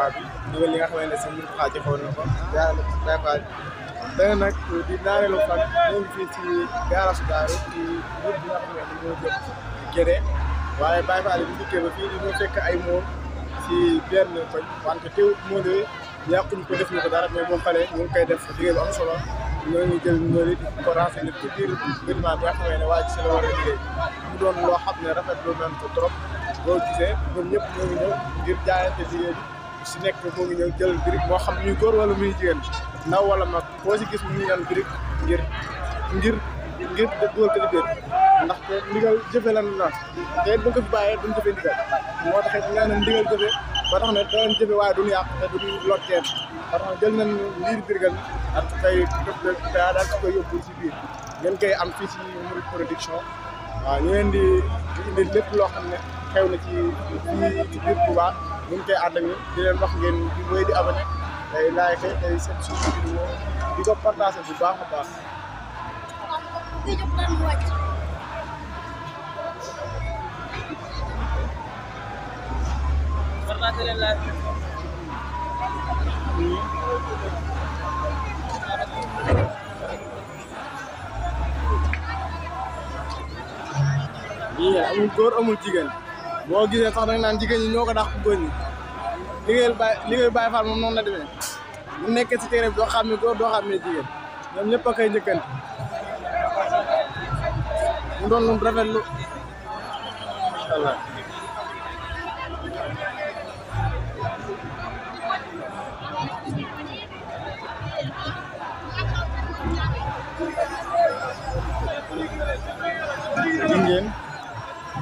Touba bi ndigal li nga xamante ne si mbir xaaj joxoon na ko jaarale ko Baye Fall dana nag di naareelu fan ñoo ngi fii ci gaarasu Daaru ci mbir bi nga xam ne dañoo jëm Guédé waaye Baye Fall bi dikkee ba fii di ñoo fekk ay moom ci benn koñ wante teewut moo de yàquñ ko def ñu ko dara mais moom xale ñu ngi koy def liggéey bu am solo ñoo ngi jël numéro yi di ko renseigner ci biir bâtiment bi nga xamee ne waa ci la war a liggéey mu doon loo xam ne rafetlu nañ ko trop boo gisee ñoom ñëpp ñoo ngi ñëw ngir jaayante liggéey bi si nekk moo ngi ñëw jël brique moo xam muy góor wala muy jigéen ndaw wala mag boo si gis mu ngi naan brique ngir ngir ngir dugal ko ci biir ndaxte ndigal jëfe lan na te it bu nga ko fi bàyyee duñ jëfe ndigal moo tax it nga ne ndigal jëfe ba tax ne danañ jëfe waaye duñu yàq te duñu ba tax jël nañ liir birgal ak kay daa daal si koy yóbbu si biir ngeen koy am fii si Mouride Production waaw ñu leen di indi loo xam ne xew na ci fii ci biir bu ñu koy ànd ak ñun di wax ngeen di wéy di abonné day like day seen suñu vidéo di ko partagé bu baax a baax. lii amul góor amul jigéen. boo gisee sax danga naan jigéen ñi ñoo ko dàq góor ñi liggéeyu Baay liggéeyu Baay Faal moom noonu la demee bu nekkee si téere bi doo xam ne góor doo xam ne jigéen ñoom ñëpp a koy njëkkante mu doon lu rafetlu incha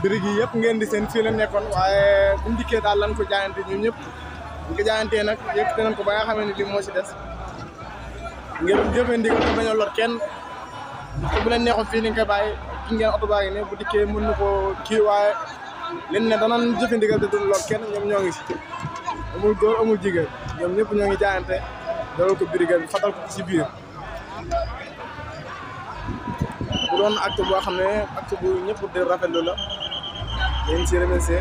dërëg yi yëpp ngeen di seen fii la nekkoon waaye bu ñu dikkee daal lan ko jaayante ñun ñëpp bu ko jaayantee nag yëkkati nañ ko ba nga xam ni lii moo ci des ngeen jëfee ndigal te bañ a lor kenn te bu leen neexoon fii ni nga koy bàyyi ki ngeen oto baa ngi ne bu dikkee mën na koo kii waaye leen ne danañ jëfee ndigal te du lor kenn ñoom ñoo ngi si amul góor amul jigéen ñoom ñëpp ñoo ngi jaayante dalal ko birigal fatal ko ci biir bu doon acte boo xam ne acte bu ñëpp di rafetlu la Yeniçerimizi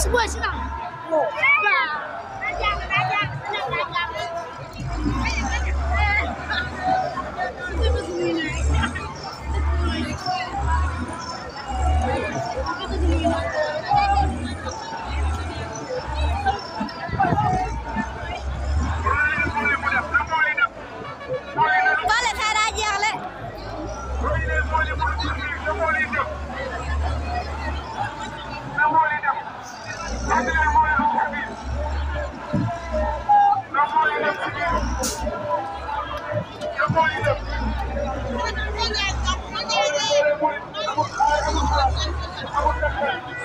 是外星的，对啊，大家，大家，大家，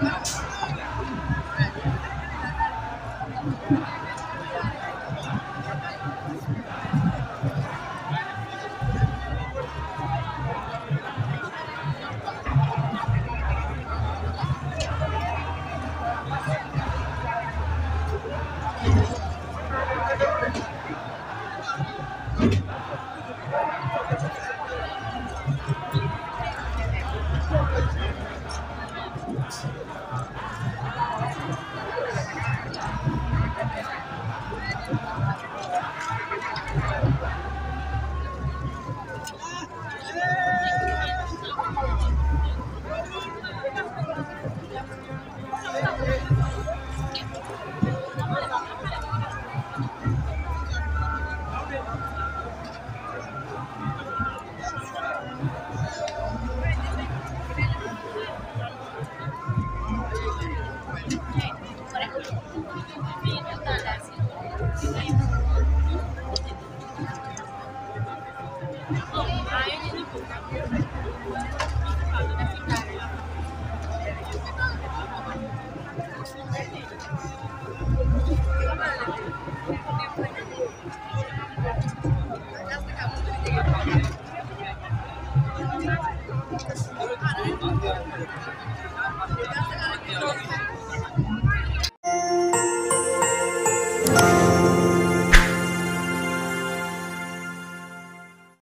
Thank you.